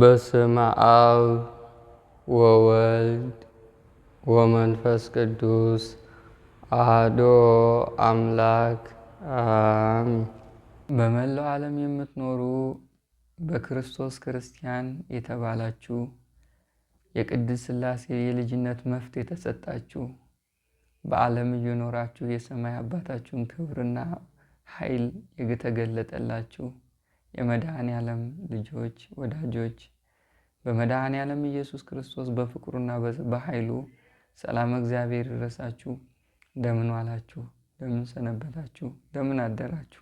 በስመ አብ ወወልድ ወመንፈስ ቅዱስ አሐዱ አምላክ አሜን። በመላው ዓለም የምትኖሩ በክርስቶስ ክርስቲያን የተባላችሁ የቅድስት ሥላሴ የልጅነት መፍት የተሰጣችሁ በዓለም እየኖራችሁ የሰማይ አባታችሁን ክብርና ኃይል የተገለጠላችሁ የመድኃኔ ዓለም ልጆች ወዳጆች በመድኃኔ ዓለም ኢየሱስ ክርስቶስ በፍቅሩና በኃይሉ ሰላም እግዚአብሔር ይድረሳችሁ። እንደምን ዋላችሁ? እንደምን ሰነበታችሁ? እንደምን አደራችሁ?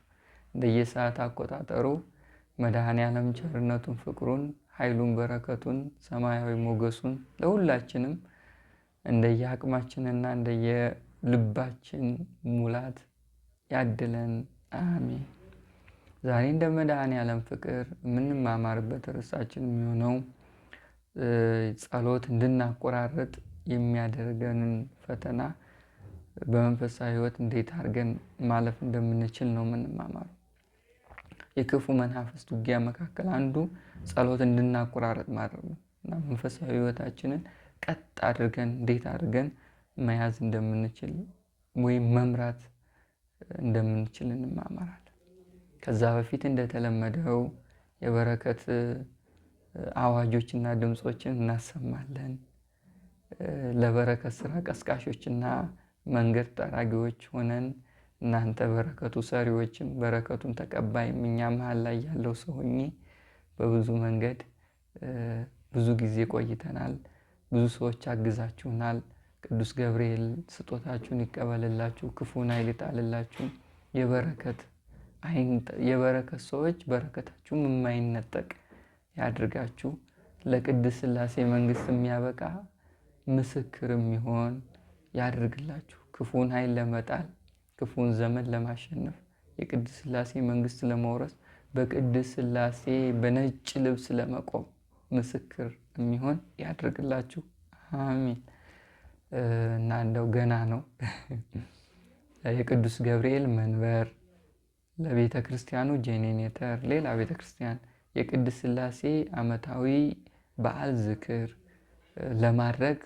እንደየሰዓት አቆጣጠሩ መድኃኔ ዓለም ቸርነቱን፣ ፍቅሩን፣ ኃይሉን፣ በረከቱን፣ ሰማያዊ ሞገሱን ለሁላችንም እንደየአቅማችንና እንደየልባችን ሙላት ያድለን። አሜን። ዛሬ እንደ መድኃኔ ዓለም ፍቅር የምንማማርበት ርዕሳችን የሚሆነው ጸሎት እንድናቆራረጥ የሚያደርገንን ፈተና በመንፈሳዊ ሕይወት እንዴት አድርገን ማለፍ እንደምንችል ነው የምንማማሩ። የክፉ መናፍስት ውጊያ መካከል አንዱ ጸሎት እንድናቆራረጥ ማድረግ ነው እና መንፈሳዊ ሕይወታችንን ቀጥ አድርገን እንዴት አድርገን መያዝ እንደምንችል ወይም መምራት እንደምንችል እንማማራለን። ከዛ በፊት እንደተለመደው የበረከት አዋጆችና ድምፆችን እናሰማለን። ለበረከት ስራ ቀስቃሾችና መንገድ ጠራጊዎች ሆነን እናንተ በረከቱ ሰሪዎችም በረከቱን ተቀባይም እኛ መሀል ላይ ያለው ሰው ሆኜ በብዙ መንገድ ብዙ ጊዜ ቆይተናል። ብዙ ሰዎች አግዛችሁናል። ቅዱስ ገብርኤል ስጦታችሁን ይቀበልላችሁ፣ ክፉን አይልጣልላችሁ። የበረከት የበረከት ሰዎች በረከታችሁም የማይነጠቅ ያድርጋችሁ። ለቅድስት ሥላሴ መንግስት የሚያበቃ ምስክር የሚሆን ያድርግላችሁ። ክፉን ኃይል ለመጣል ክፉን ዘመን ለማሸነፍ የቅድስት ሥላሴ መንግስት ለመውረስ በቅድስት ሥላሴ በነጭ ልብስ ለመቆም ምስክር የሚሆን ያድርግላችሁ። አሚን። እና እንደው ገና ነው የቅዱስ ገብርኤል መንበር ለቤተ ክርስቲያኑ ጄኔኔተር፣ ሌላ ቤተ ክርስቲያን የቅድስት ስላሴ ዓመታዊ በዓል ዝክር ለማድረግ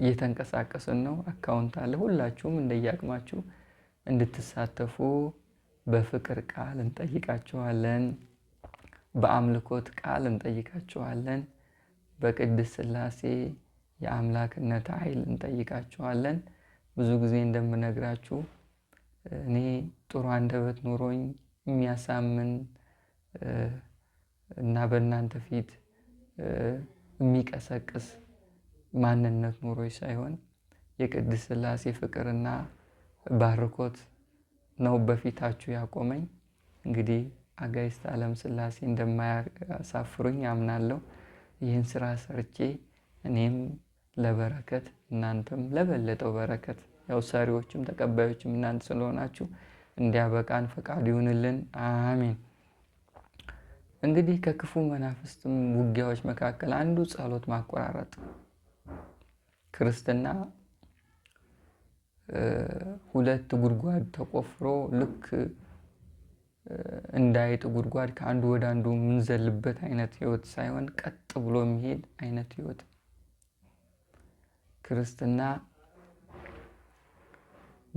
እየተንቀሳቀስን ነው። አካውንት አለ። ሁላችሁም እንደየአቅማችሁ እንድትሳተፉ በፍቅር ቃል እንጠይቃችኋለን። በአምልኮት ቃል እንጠይቃችኋለን። በቅድስት ስላሴ የአምላክነት ኃይል እንጠይቃችኋለን። ብዙ ጊዜ እንደምነግራችሁ እኔ ጥሩ አንደበት ኑሮኝ የሚያሳምን እና በእናንተ ፊት የሚቀሰቅስ ማንነት ኑሮች ሳይሆን የቅድስት ሥላሴ ፍቅርና ባርኮት ነው በፊታችሁ ያቆመኝ። እንግዲህ አጋዕዝተ ዓለም ሥላሴ እንደማያሳፍሩኝ አምናለሁ። ይህን ስራ ሰርቼ እኔም ለበረከት እናንተም ለበለጠው በረከት ያው ሰሪዎችም ተቀባዮችም እናንተ ስለሆናችሁ እንዲያበቃን ፈቃዱ ይሁንልን። አሚን። እንግዲህ ከክፉ መናፍስትም ውጊያዎች መካከል አንዱ ጸሎት ማቆራረጥ። ክርስትና ሁለት ጉድጓድ ተቆፍሮ ልክ እንዳይጥ ጉድጓድ ከአንዱ ወደ አንዱ የምንዘልበት አይነት ህይወት ሳይሆን ቀጥ ብሎ የሚሄድ አይነት ህይወት ክርስትና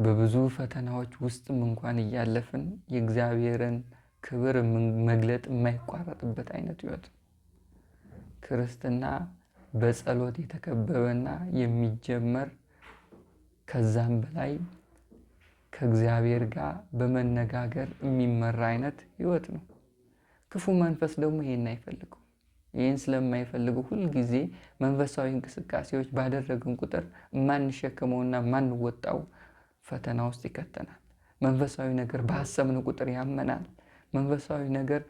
በብዙ ፈተናዎች ውስጥም እንኳን እያለፍን የእግዚአብሔርን ክብር መግለጥ የማይቋረጥበት አይነት ህይወት ክርስትና በጸሎት የተከበበና የሚጀመር ከዛም በላይ ከእግዚአብሔር ጋር በመነጋገር የሚመራ አይነት ህይወት ነው። ክፉ መንፈስ ደግሞ ይሄን አይፈልገው። ይህን ስለማይፈልገው ሁልጊዜ መንፈሳዊ እንቅስቃሴዎች ባደረግን ቁጥር የማንሸክመውና የማንወጣው ፈተና ውስጥ ይከተናል። መንፈሳዊ ነገር በሐሰብን ቁጥር ያመናል። መንፈሳዊ ነገር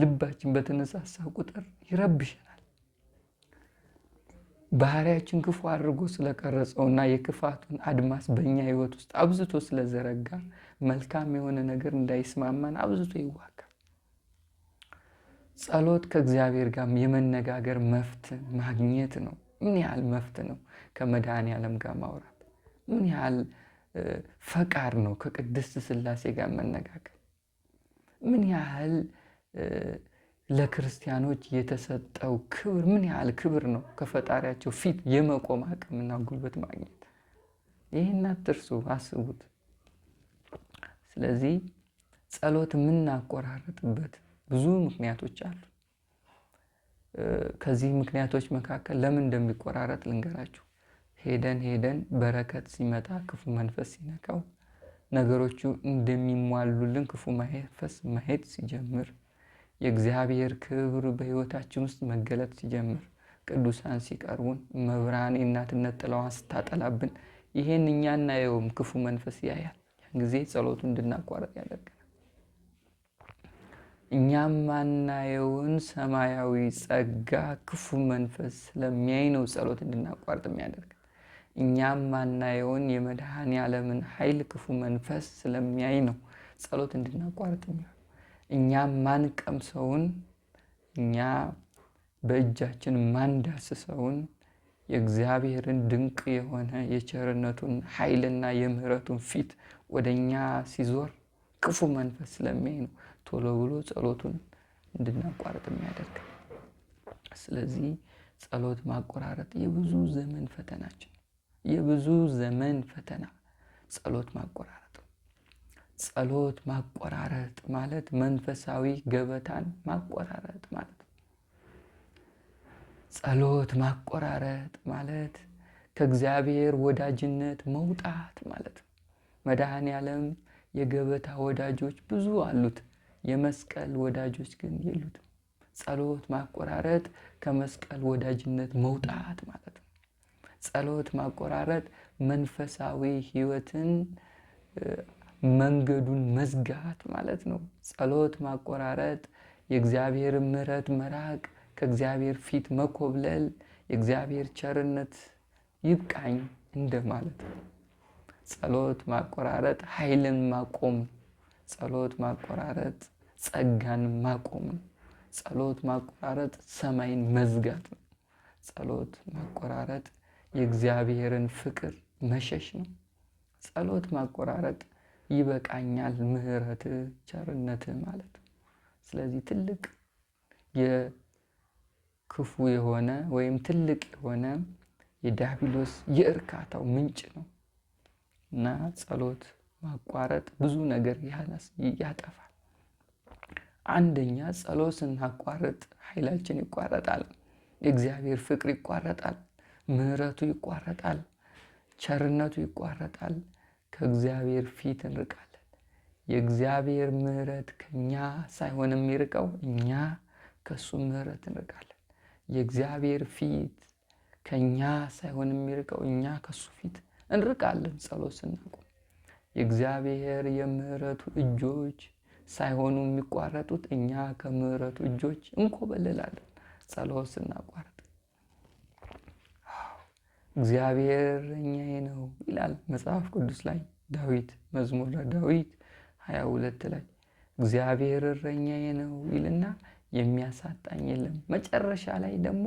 ልባችን በተነሳሳ ቁጥር ይረብሸናል። ባህሪያችን ክፉ አድርጎ ስለቀረጸውና የክፋቱን አድማስ በእኛ ህይወት ውስጥ አብዝቶ ስለዘረጋ መልካም የሆነ ነገር እንዳይስማማን አብዝቶ ይዋጋል። ጸሎት ከእግዚአብሔር ጋር የመነጋገር መፍት ማግኘት ነው። ምን ያህል መፍት ነው ከመድኃኔ ዓለም ጋር ማውራት ምን ያህል ፈቃድ ነው ከቅድስት ስላሴ ጋር መነጋገር። ምን ያህል ለክርስቲያኖች የተሰጠው ክብር ምን ያህል ክብር ነው ከፈጣሪያቸው ፊት የመቆም አቅምና ጉልበት ማግኘት። ይህን አትርሱ፣ አስቡት። ስለዚህ ጸሎት የምናቆራረጥበት ብዙ ምክንያቶች አሉ። ከዚህ ምክንያቶች መካከል ለምን እንደሚቆራረጥ ልንገራችሁ። ሄደን ሄደን በረከት ሲመጣ ክፉ መንፈስ ሲነካው ነገሮቹ እንደሚሟሉልን ክፉ መንፈስ ማሄድ ሲጀምር የእግዚአብሔር ክብር በሕይወታችን ውስጥ መገለጥ ሲጀምር ቅዱሳን ሲቀርቡን መብራን የእናትነት ጥላዋን ስታጠላብን ይሄን እኛ እናየውም፣ ክፉ መንፈስ ያያል። ያን ጊዜ ጸሎቱ እንድናቋረጥ ያደርገናል። እኛም ማናየውን ሰማያዊ ጸጋ ክፉ መንፈስ ስለሚያይ ነው ጸሎት እንድናቋርጥ የሚያደርግ እኛም ማናየውን የመድኃኔ ዓለምን ኃይል ክፉ መንፈስ ስለሚያይ ነው ጸሎት እንድናቋርጥ የሚሆን። እኛም ማንቀምሰውን እኛ በእጃችን ማንዳስሰውን የእግዚአብሔርን ድንቅ የሆነ የቸርነቱን ኃይልና የምሕረቱን ፊት ወደ እኛ ሲዞር ክፉ መንፈስ ስለሚያይ ነው ቶሎ ብሎ ጸሎቱን እንድናቋርጥ የሚያደርግ። ስለዚህ ጸሎት ማቆራረጥ የብዙ ዘመን ፈተናችን የብዙ ዘመን ፈተና ጸሎት ማቆራረጥ ጸሎት ማቆራረጥ ማለት መንፈሳዊ ገበታን ማቆራረጥ ማለት ነው። ጸሎት ማቆራረጥ ማለት ከእግዚአብሔር ወዳጅነት መውጣት ማለት ነው። መድኃኔ ዓለም የገበታ ወዳጆች ብዙ አሉት፣ የመስቀል ወዳጆች ግን የሉትም። ጸሎት ማቆራረጥ ከመስቀል ወዳጅነት መውጣት ማለት ነው። ጸሎት ማቆራረጥ መንፈሳዊ ህይወትን መንገዱን መዝጋት ማለት ነው። ጸሎት ማቆራረጥ፣ የእግዚአብሔር ምሕረት መራቅ፣ ከእግዚአብሔር ፊት መኮብለል፣ የእግዚአብሔር ቸርነት ይብቃኝ እንደማለት ነው። ጸሎት ማቆራረጥ ኃይልን ማቆም፣ ጸሎት ማቆራረጥ ጸጋን ማቆም ነው። ጸሎት ማቆራረጥ ሰማይን መዝጋት ነው። ጸሎት ማቆራረጥ የእግዚአብሔርን ፍቅር መሸሽ ነው። ጸሎት ማቆራረጥ ይበቃኛል፣ ምህረት ቸርነት ማለት ነው። ስለዚህ ትልቅ የክፉ የሆነ ወይም ትልቅ የሆነ የዲያብሎስ የእርካታው ምንጭ ነው እና ጸሎት ማቋረጥ ብዙ ነገር ያጠፋል። አንደኛ ጸሎት ስናቋርጥ ኃይላችን ይቋረጣል፣ የእግዚአብሔር ፍቅር ይቋረጣል። ምሕረቱ ይቋረጣል፣ ቸርነቱ ይቋረጣል፣ ከእግዚአብሔር ፊት እንርቃለን። የእግዚአብሔር ምሕረት ከኛ ሳይሆን የሚርቀው እኛ ከእሱ ምሕረት እንርቃለን። የእግዚአብሔር ፊት ከኛ ሳይሆን የሚርቀው እኛ ከእሱ ፊት እንርቃለን። ጸሎት ስናቆም የእግዚአብሔር የምሕረቱ እጆች ሳይሆኑ የሚቋረጡት እኛ ከምሕረቱ እጆች እንኮበልላለን ጸሎት ስናቋርጥ እግዚአብሔር እኛዬ ነው ይላል መጽሐፍ ቅዱስ ላይ ዳዊት ላ ዳዊት ሀያ ሁለት ላይ እግዚአብሔር እረኛዬ ነው ይልና የሚያሳጣኝ የለም። መጨረሻ ላይ ደግሞ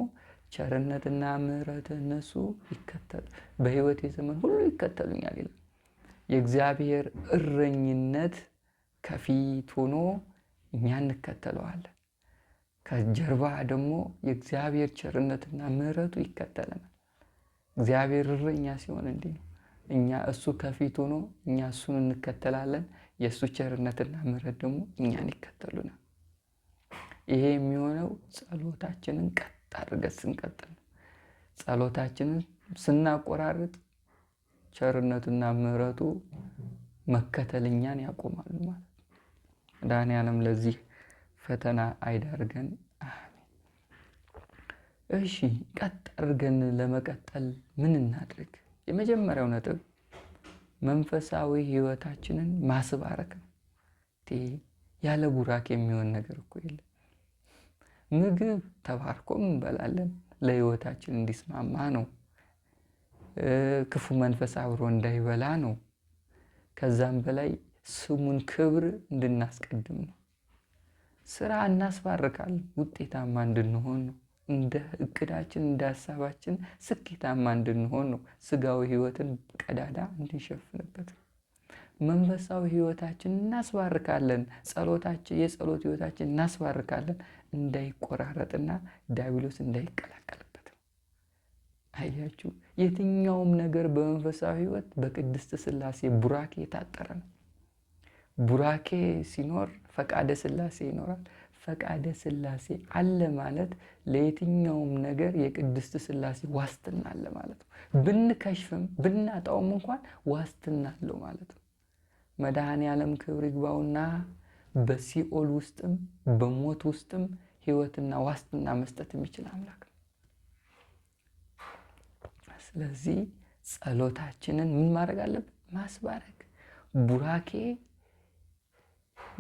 ቸርነትና ምሕረት እነሱ ይከተሉ በህይወት ዘመን ሁሉ ይከተሉኛል ይላል። የእግዚአብሔር እረኝነት ከፊት ሆኖ እኛ እንከተለዋለን። ከጀርባ ደግሞ የእግዚአብሔር ቸርነትና ምሕረቱ ይከተለናል። እግዚአብሔር እረኛ ሲሆን እንዲህ ነው። እኛ እሱ ከፊት ሆኖ እኛ እሱን እንከተላለን። የእሱ ቸርነትና ምሕረት ደግሞ እኛን ይከተሉናል። ይሄ የሚሆነው ጸሎታችንን ቀጥ አድርገን ስንቀጥል ነው። ጸሎታችንን ስናቆራርጥ ቸርነቱና ምሕረቱ መከተል እኛን ያቆማሉ ማለት ነው። መድኃኔዓለም ለዚህ ፈተና አይዳርገን። እሺ ቀጥ አድርገን ለመቀጠል ምን እናድርግ? የመጀመሪያው ነጥብ መንፈሳዊ ህይወታችንን ማስባረክ ነው። ያለ ቡራክ የሚሆን ነገር እኮ የለም። ምግብ ተባርኮም እንበላለን፣ ለህይወታችን እንዲስማማ ነው። ክፉ መንፈስ አብሮ እንዳይበላ ነው። ከዛም በላይ ስሙን ክብር እንድናስቀድም ነው። ስራ እናስባርካለን፣ ውጤታማ እንድንሆን ነው። እንደ እቅዳችን እንደ ሀሳባችን ስኬታማ እንድንሆን ነው። ስጋዊ ህይወትን ቀዳዳ እንድንሸፍንበት ነው። መንፈሳዊ ህይወታችን እናስባርካለን። ጸሎታችን የጸሎት ህይወታችን እናስባርካለን። እንዳይቆራረጥና ዲያብሎስ እንዳይቀላቀልበት ነው። አያችሁ፣ የትኛውም ነገር በመንፈሳዊ ህይወት በቅድስት ስላሴ ቡራኬ የታጠረ ነው። ቡራኬ ሲኖር ፈቃደ ስላሴ ይኖራል። ፈቃደ ስላሴ አለ ማለት ለየትኛውም ነገር የቅድስት ስላሴ ዋስትና አለ ማለት ነው። ብንከሽፍም ብናጣውም እንኳን ዋስትና አለው ማለት ነው። መድኃኔ ዓለም ክብር ይግባውና በሲኦል ውስጥም በሞት ውስጥም ሕይወትና ዋስትና መስጠት የሚችል አምላክ ነው። ስለዚህ ጸሎታችንን ምን ማድረግ አለብን? ማስባረክ ቡራኬ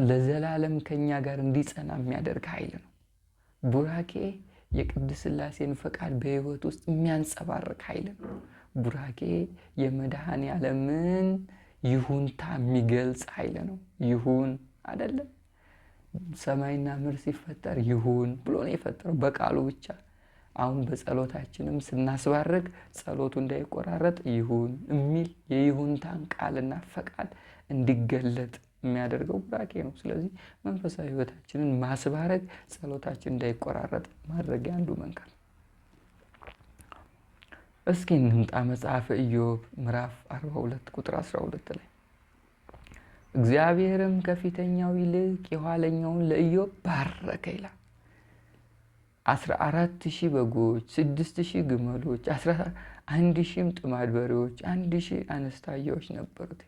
ለዘላለም ከኛ ጋር እንዲጸና የሚያደርግ ኃይል ነው። ቡራኬ የቅድስት ሥላሴን ፈቃድ በሕይወት ውስጥ የሚያንጸባርቅ ኃይል ነው። ቡራኬ የመድኃኔ ዓለምን ይሁንታ የሚገልጽ ኃይል ነው። ይሁን አይደለም ሰማይና ምድር ሲፈጠር ይሁን ብሎ ነው የፈጠረው በቃሉ ብቻ። አሁን በጸሎታችንም ስናስባርግ ጸሎቱ እንዳይቆራረጥ ይሁን የሚል የይሁንታን ቃልና ፈቃድ እንዲገለጥ የሚያደርገው ቡራኬ ነው። ስለዚህ መንፈሳዊ ህይወታችንን ማስባረግ፣ ጸሎታችን እንዳይቆራረጥ ማድረግ አንዱ መንገድ እስኪ እንምጣ መጽሐፈ ኢዮብ ምዕራፍ 42 ቁጥር 12 ላይ እግዚአብሔርም ከፊተኛው ይልቅ የኋለኛውን ለኢዮብ ባረከ ይላል። አስራ አራት ሺህ በጎች፣ ስድስት ሺህ ግመሎች፣ አስራ አንድ ሺህም ጥማድ በሬዎች፣ አንድ ሺህ አነስታያዎች ነበሩት።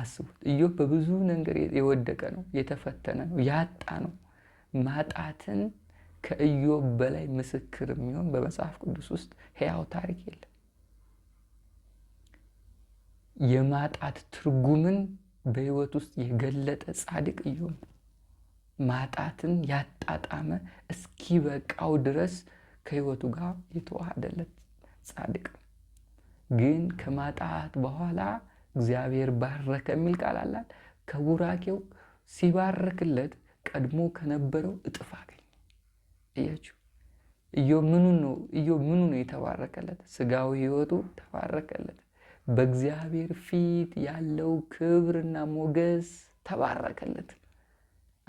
አስቡት። ኢዮብ በብዙ ነገር የወደቀ ነው፣ የተፈተነ ነው፣ ያጣ ነው። ማጣትን ከኢዮብ በላይ ምስክር የሚሆን በመጽሐፍ ቅዱስ ውስጥ ሕያው ታሪክ የለም። የማጣት ትርጉምን በሕይወት ውስጥ የገለጠ ጻድቅ ኢዮብ ነው። ማጣትን ያጣጣመ እስኪበቃው ድረስ ከሕይወቱ ጋር የተዋሃደለት ጻድቅ ነው። ግን ከማጣት በኋላ እግዚአብሔር ባረከ የሚል ቃል አላል። ከቡራኬው ሲባርክለት ቀድሞ ከነበረው እጥፍ አገኘ። እያችሁ እዮ ምኑ ነው እዮ ምኑ ነው የተባረከለት? ስጋዊ ህይወቱ ተባረከለት። በእግዚአብሔር ፊት ያለው ክብርና ሞገስ ተባረከለት።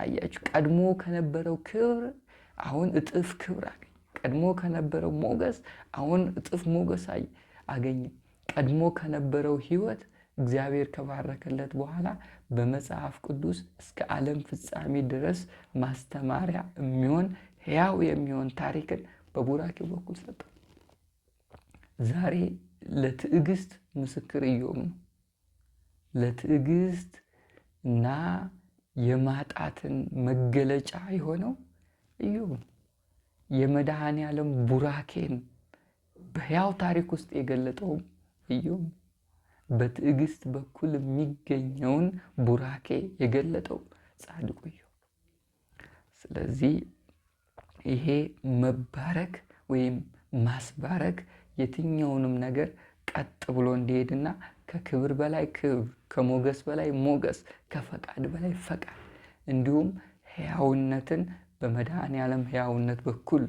አያችሁ ቀድሞ ከነበረው ክብር አሁን እጥፍ ክብር አገኘ። ቀድሞ ከነበረው ሞገስ አሁን እጥፍ ሞገስ አገኘ። ቀድሞ ከነበረው ህይወት። እግዚአብሔር ከባረከለት በኋላ በመጽሐፍ ቅዱስ እስከ ዓለም ፍጻሜ ድረስ ማስተማሪያ የሚሆን ሕያው የሚሆን ታሪክን በቡራኬው በኩል ሰጠ። ዛሬ ለትዕግስት ምስክር እዮም ነው። ለትዕግስት እና የማጣትን መገለጫ የሆነው እዮም ነው። የመድኃኔ ዓለም ቡራኬን በሕያው ታሪክ ውስጥ የገለጠውም እዮም ነው። በትዕግስት በኩል የሚገኘውን ቡራኬ የገለጠው ጻድቁ ኢዮብ። ስለዚህ ይሄ መባረክ ወይም ማስባረክ የትኛውንም ነገር ቀጥ ብሎ እንዲሄድና ከክብር በላይ ክብር፣ ከሞገስ በላይ ሞገስ፣ ከፈቃድ በላይ ፈቃድ እንዲሁም ሕያውነትን በመድኃኔ ዓለም ሕያውነት በኩል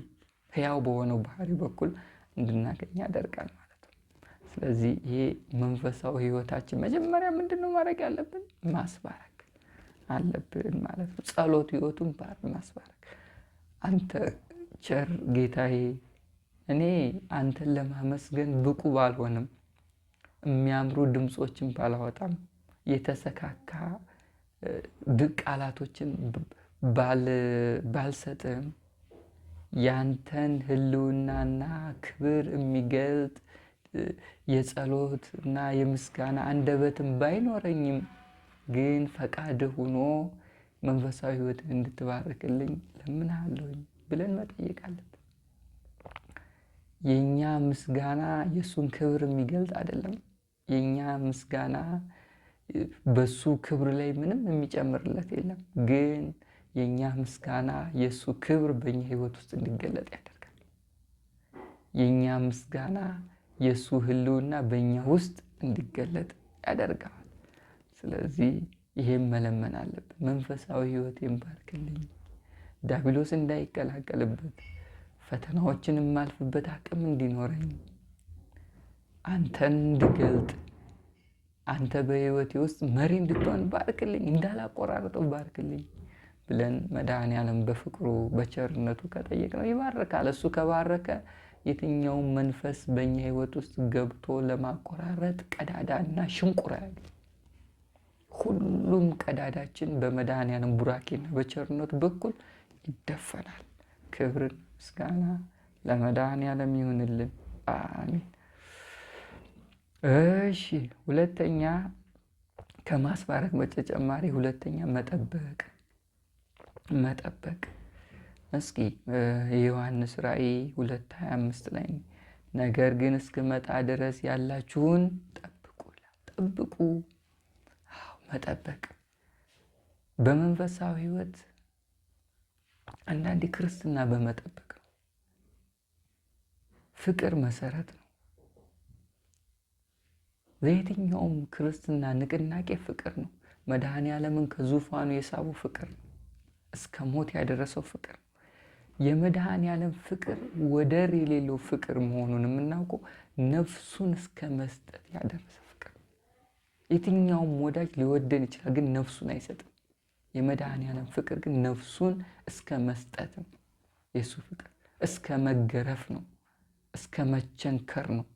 ሕያው በሆነው ባህሪ በኩል እንድናገኝ ያደርጋል። ስለዚህ ይሄ መንፈሳዊ ህይወታችን መጀመሪያ ምንድን ነው ማድረግ ያለብን? ማስባረክ አለብን ማለት ነው። ጸሎት ህይወቱን ባር ማስባረክ። አንተ ቸር ጌታዬ፣ እኔ አንተን ለማመስገን ብቁ ባልሆንም፣ የሚያምሩ ድምፆችን ባላወጣም፣ የተሰካካ ቃላቶችን ባልሰጥም፣ ያንተን ህልውናና ክብር የሚገልጥ የጸሎት እና የምስጋና አንደበትም ባይኖረኝም ግን ፈቃድ ሆኖ መንፈሳዊ ህይወትን እንድትባርክልኝ ለምንሃለሁኝ ብለን መጠየቅ አለብን። የእኛ ምስጋና የእሱን ክብር የሚገልጥ አይደለም። የእኛ ምስጋና በሱ ክብር ላይ ምንም የሚጨምርለት የለም። ግን የእኛ ምስጋና የእሱ ክብር በእኛ ህይወት ውስጥ እንዲገለጥ ያደርጋል። የእኛ ምስጋና የእሱ ህልውና በእኛ ውስጥ እንዲገለጥ ያደርገዋል። ስለዚህ ይሄም መለመን አለብን። መንፈሳዊ ህይወቴን ባርክልኝ፣ ዳቢሎስ እንዳይቀላቀልበት፣ ፈተናዎችን የማልፍበት አቅም እንዲኖረኝ፣ አንተን እንድገልጥ፣ አንተ በህይወቴ ውስጥ መሪ እንድትሆን ባርክልኝ፣ እንዳላቆራርጠው ባርክልኝ ብለን መድኃኔ ዓለም በፍቅሩ በቸርነቱ ነው ይባርካል። እሱ ከባረከ የትኛው መንፈስ በእኛ ህይወት ውስጥ ገብቶ ለማቆራረጥ ቀዳዳና ሽንቁራ ያለ ሁሉም ቀዳዳችን በመድኃኔዓለም ቡራኬና በቸርነት በኩል ይደፈናል። ክብርን ምስጋና ለመድኃኔዓለም ይሁንልን። አሚን። እሺ፣ ሁለተኛ ከማስባረክ በተጨማሪ ሁለተኛ መጠበቅ መጠበቅ እስኪ የዮሐንስ ራእይ 225 ላይ ነገር ግን እስክመጣ ድረስ ያላችሁን ጠብቁ ጠብቁ። መጠበቅ በመንፈሳዊ ህይወት አንዳንዴ ክርስትና በመጠበቅ ነው። ፍቅር መሰረት ነው። ለየትኛውም ክርስትና ንቅናቄ ፍቅር ነው። መድኃኔ ዓለምን ከዙፋኑ የሳቡ ፍቅር ነው። እስከ ሞት ያደረሰው ፍቅር ነው። የመድኃኔ ዓለም ፍቅር ወደር የሌለው ፍቅር መሆኑን የምናውቀው ነፍሱን እስከ መስጠት ያደረሰ ፍቅር። የትኛውም ወዳጅ ሊወደን ይችላል፣ ግን ነፍሱን አይሰጥም። የመድኃኔ ዓለም ፍቅር ግን ነፍሱን እስከ መስጠት ነው። የእሱ ፍቅር እስከ መገረፍ ነው፣ እስከ መቸንከር ነው።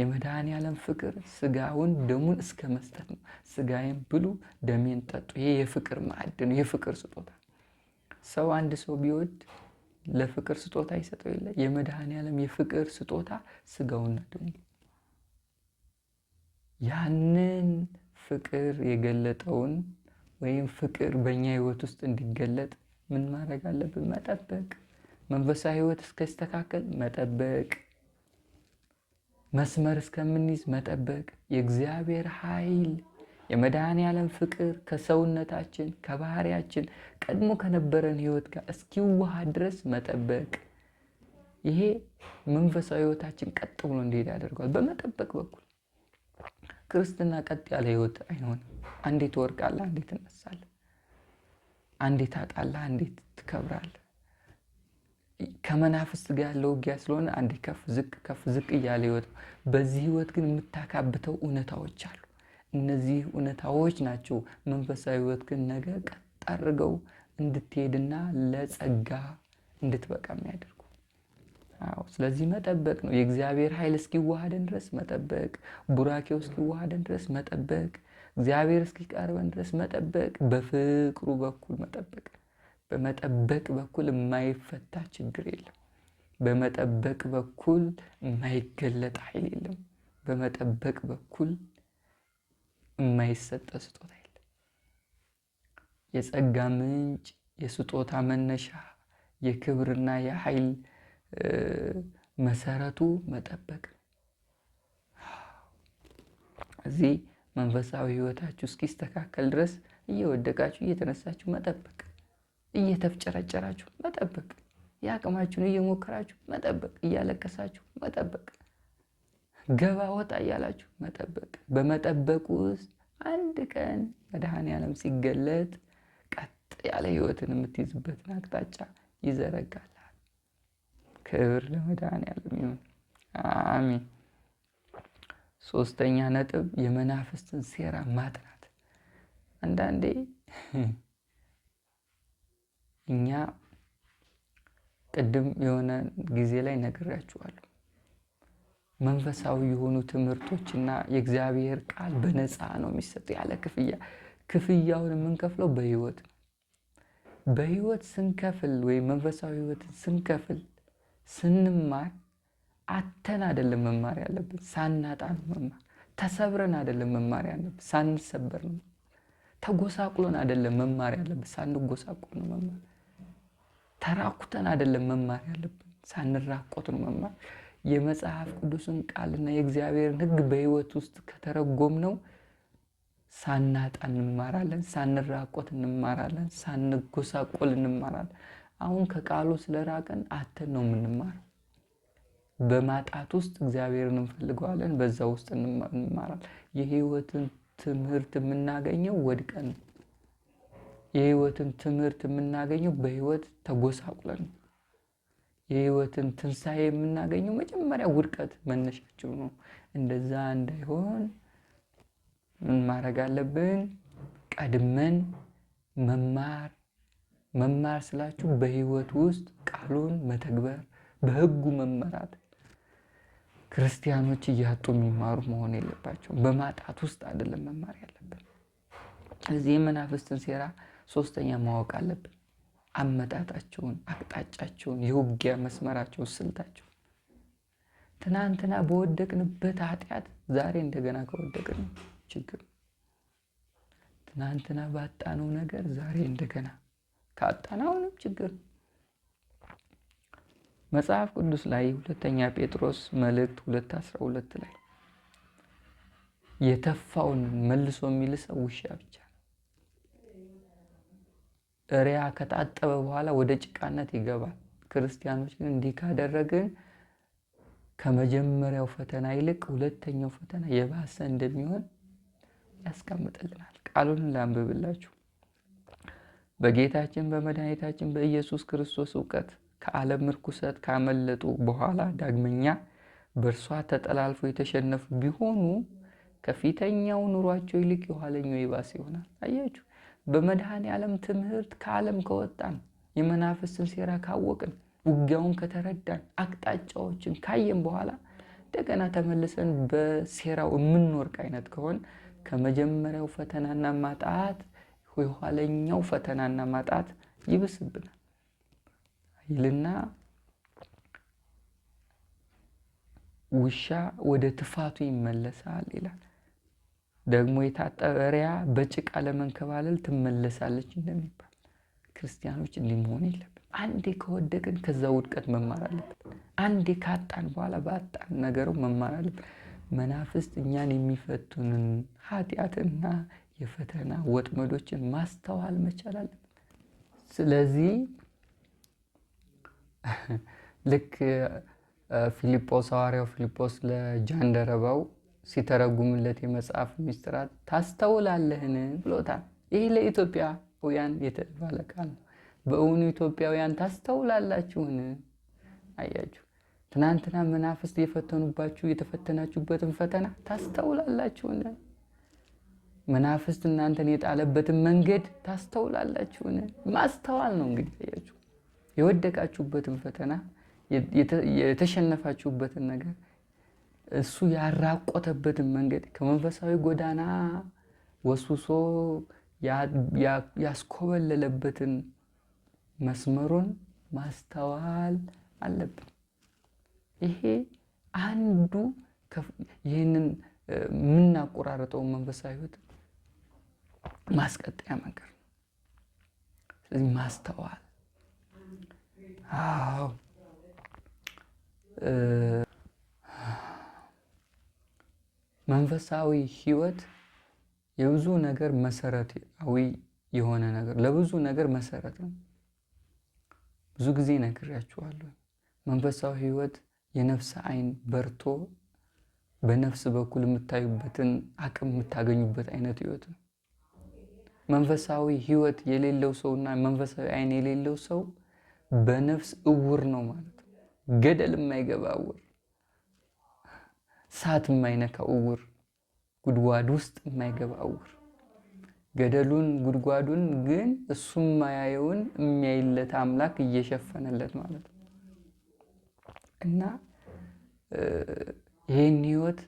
የመድኃኔ ዓለም ፍቅር ስጋውን ደሙን እስከ መስጠት ነው። ስጋዬን ብሉ ደሜን ጠጡ። ይሄ የፍቅር ማዕድ ነው፣ የፍቅር ስጦታ ሰው አንድ ሰው ቢወድ ለፍቅር ስጦታ ይሰጠው የለ። የመድኃኔ ዓለም የፍቅር ስጦታ ስጋውና ደሙ ያንን ፍቅር የገለጠውን ወይም ፍቅር በእኛ ህይወት ውስጥ እንዲገለጥ ምን ማድረግ አለብን? መጠበቅ። መንፈሳዊ ህይወት እስከስተካከል መጠበቅ፣ መስመር እስከምንይዝ መጠበቅ። የእግዚአብሔር ኃይል የመድኃኔ ዓለም ፍቅር ከሰውነታችን ከባህሪያችን ቀድሞ ከነበረን ህይወት ጋር እስኪዋሃድ ድረስ መጠበቅ ይሄ መንፈሳዊ ህይወታችን ቀጥ ብሎ እንዲሄድ ያደርገዋል። በመጠበቅ በኩል ክርስትና ቀጥ ያለ ህይወት አይሆንም። አንዴ ትወርቃለህ፣ አንዴ ትነሳለህ፣ አንዴ ታጣለህ፣ አንዴ ትከብራለህ። ከመናፍስት ጋር ያለው ውጊያ ስለሆነ አንዴ ከፍ ዝቅ ከፍ ዝቅ እያለ ህይወት ነው። በዚህ ህይወት ግን የምታካብተው እውነታዎች አሉ። እነዚህ እውነታዎች ናቸው መንፈሳዊ ሕይወትህን ነገ ቀጥ አድርገው እንድትሄድና ለጸጋ እንድትበቃ የሚያደርጉ። ስለዚህ መጠበቅ ነው። የእግዚአብሔር ኃይል እስኪዋሃደን ድረስ መጠበቅ፣ ቡራኬው እስኪዋሃደን ድረስ መጠበቅ፣ እግዚአብሔር እስኪቀርበን ድረስ መጠበቅ፣ በፍቅሩ በኩል መጠበቅ። በመጠበቅ በኩል የማይፈታ ችግር የለም። በመጠበቅ በኩል የማይገለጥ ኃይል የለም። በመጠበቅ በኩል የማይሰጠ ስጦታ የለም። የጸጋ ምንጭ፣ የስጦታ መነሻ፣ የክብርና የኃይል መሰረቱ መጠበቅ እዚህ መንፈሳዊ እስኪ እስኪስተካከል ድረስ እየወደቃችሁ እየተነሳችሁ መጠበቅ፣ እየተፍጨረጨራችሁ መጠበቅ፣ የአቅማችሁን እየሞከራችሁ መጠበቅ፣ እያለቀሳችሁ መጠበቅ ገባ ወጣ እያላችሁ መጠበቅ። በመጠበቁ ውስጥ አንድ ቀን መድኃኔዓለም ሲገለጥ ቀጥ ያለ ህይወትን የምትይዝበትን አቅጣጫ ይዘረጋላል። ክብር ለመድኃኔዓለም ይሁን። አሜን። ሶስተኛ ነጥብ የመናፍስትን ሴራ ማጥናት። አንዳንዴ እኛ ቅድም የሆነ ጊዜ ላይ ነግሬያችኋለሁ መንፈሳዊ የሆኑ ትምህርቶችና የእግዚአብሔር ቃል በነፃ ነው የሚሰጡ ያለ ክፍያ። ክፍያውን የምንከፍለው በህይወት ነው። በህይወት ስንከፍል ወይም መንፈሳዊ ህይወትን ስንከፍል ስንማር አተን አይደለም መማር ያለብን፣ ሳናጣ ነው መማር። ተሰብረን አይደለም መማር ያለብን፣ ሳንሰበር ነው። ተጎሳቁሎን አይደለም መማር ያለብን፣ ሳንጎሳቁል ነው መማር። ተራኩተን አይደለም መማር ያለብን፣ ሳንራቆት ነው መማር የመጽሐፍ ቅዱስን ቃልና የእግዚአብሔርን ሕግ በሕይወት ውስጥ ከተረጎም ነው ሳናጣ እንማራለን፣ ሳንራቆት እንማራለን፣ ሳንጎሳቆል እንማራለን። አሁን ከቃሉ ስለራቀን አተን ነው የምንማረው። በማጣት ውስጥ እግዚአብሔርን እንፈልገዋለን፣ በዛ ውስጥ እንማራለን። የሕይወትን ትምህርት የምናገኘው ወድቀን ነው። የሕይወትን ትምህርት የምናገኘው በሕይወት ተጎሳቁለን ነው። የህይወትን ትንሣኤ የምናገኘው መጀመሪያ ውድቀት መነሻቸው ነው። እንደዛ እንዳይሆን ምን ማድረግ አለብን? ቀድመን መማር መማር ስላችሁ በህይወት ውስጥ ቃሉን መተግበር በህጉ መመራት። ክርስቲያኖች እያጡ የሚማሩ መሆን የለባቸው። በማጣት ውስጥ አይደለም መማር ያለብን። እዚህ የመናፍስትን ሴራ ሶስተኛ ማወቅ አለብን። አመጣጣቸውን፣ አቅጣጫቸውን፣ የውጊያ መስመራቸውን፣ ስልታቸው ትናንትና በወደቅንበት ኃጢአት ዛሬ እንደገና ከወደቅን ችግር ትናንትና ባጣነው ነገር ዛሬ እንደገና ካጣን ችግር መጽሐፍ ቅዱስ ላይ ሁለተኛ ጴጥሮስ መልእክት ሁለት አስራ ሁለት ላይ የተፋውን መልሶ የሚልሰው ውሻ ብቻ እሪያ ከታጠበ በኋላ ወደ ጭቃነት ይገባል። ክርስቲያኖች ግን እንዲህ ካደረግን ከመጀመሪያው ፈተና ይልቅ ሁለተኛው ፈተና የባሰ እንደሚሆን ያስቀምጥልናል። ቃሉን ላንብብላችሁ። በጌታችን በመድኃኒታችን በኢየሱስ ክርስቶስ እውቀት ከዓለም ርኩሰት ካመለጡ በኋላ ዳግመኛ በእርሷ ተጠላልፎ የተሸነፉ ቢሆኑ ከፊተኛው ኑሯቸው ይልቅ የኋለኛው የባሰ ይሆናል። አያችሁ። በመድኃኔ ዓለም ትምህርት ከዓለም ከወጣን የመናፍስትን ሴራ ካወቅን ውጊያውን ከተረዳን አቅጣጫዎችን ካየን በኋላ እንደገና ተመልሰን በሴራው የምንወርቅ አይነት ከሆን ከመጀመሪያው ፈተናና ማጣት የኋለኛው ፈተናና ማጣት ይብስብናል ይልና ውሻ ወደ ትፋቱ ይመለሳል ይላል። ደግሞ የታጠበ ሪያ በጭቃ ለመንከባለል ትመለሳለች እንደሚባል ክርስቲያኖች እንዲህ መሆን የለብን። አንዴ ከወደቅን ከዛ ውድቀት መማር አለብን። አንዴ ካጣን በኋላ በአጣን ነገሩ መማር አለብን። መናፍስት እኛን የሚፈቱንን ኃጢአትና የፈተና ወጥመዶችን ማስተዋል መቻል አለብን። ስለዚህ ልክ ፊልጶስ ሐዋርያው ፊልጶስ ለጃንደረባው ሲተረጉምለት የመጽሐፍ ሚስጥራት ታስተውላለህን ብሎታል። ይህ ለኢትዮጵያውያን የተባለ ቃል ነው። በእውኑ ኢትዮጵያውያን ታስተውላላችሁን? አያችሁ፣ ትናንትና መናፍስት የፈተኑባችሁ የተፈተናችሁበትን ፈተና ታስተውላላችሁን? መናፍስት እናንተን የጣለበትን መንገድ ታስተውላላችሁን? ማስተዋል ነው እንግዲህ። አያችሁ፣ የወደቃችሁበትን ፈተና የተሸነፋችሁበትን ነገር እሱ ያራቆተበትን መንገድ ከመንፈሳዊ ጎዳና ወስውሶ ያስኮበለለበትን መስመሩን ማስተዋል አለብን። ይሄ አንዱ ይህንን የምናቆራረጠው መንፈሳዊ ሕይወት ማስቀጠያ መንገድ ነው። ስለዚህ ማስተዋል አዎ መንፈሳዊ ህይወት የብዙ ነገር መሰረታዊ የሆነ ነገር ለብዙ ነገር መሰረት ነው። ብዙ ጊዜ ነግሬያችኋለሁ። መንፈሳዊ ህይወት የነፍስ አይን በርቶ በነፍስ በኩል የምታዩበትን አቅም የምታገኙበት አይነት ህይወት ነው። መንፈሳዊ ህይወት የሌለው ሰው እና መንፈሳዊ አይን የሌለው ሰው በነፍስ እውር ነው ማለት ነው። ገደል የማይገባ እውር ሳት የማይነካ እውር፣ ጉድጓድ ውስጥ የማይገባ እውር፣ ገደሉን ጉድጓዱን ግን እሱ የማያየውን የሚያይለት አምላክ እየሸፈነለት ማለት ነው እና ይህን ህይወት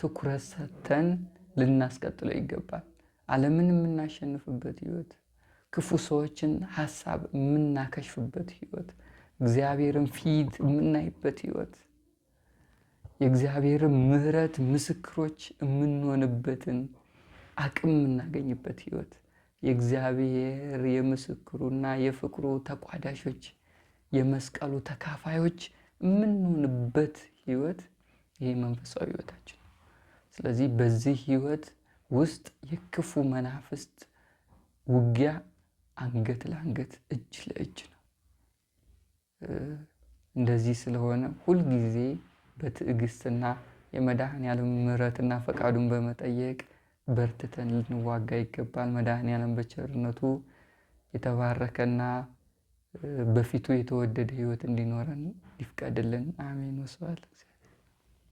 ትኩረት ሰጥተን ልናስቀጥለው ይገባል። ዓለምን የምናሸንፍበት ህይወት፣ ክፉ ሰዎችን ሀሳብ የምናከሽፍበት ህይወት፣ እግዚአብሔርን ፊት የምናይበት ህይወት የእግዚአብሔርን ምሕረት ምስክሮች የምንሆንበትን አቅም የምናገኝበት ህይወት የእግዚአብሔር የምስክሩና የፍቅሩ ተቋዳሾች የመስቀሉ ተካፋዮች የምንሆንበት ህይወት ይሄ መንፈሳዊ ህይወታችን። ነው። ስለዚህ በዚህ ህይወት ውስጥ የክፉ መናፍስት ውጊያ አንገት ለአንገት እጅ ለእጅ ነው። እንደዚህ ስለሆነ ሁልጊዜ በትዕግስትና የመድኃኔዓለም ምሕረትና ፈቃዱን በመጠየቅ በርትተን ልንዋጋ ይገባል። መድኃኔዓለም በቸርነቱ የተባረከና በፊቱ የተወደደ ሕይወት እንዲኖረን ይፍቀድልን። አሜን። ወስብሐት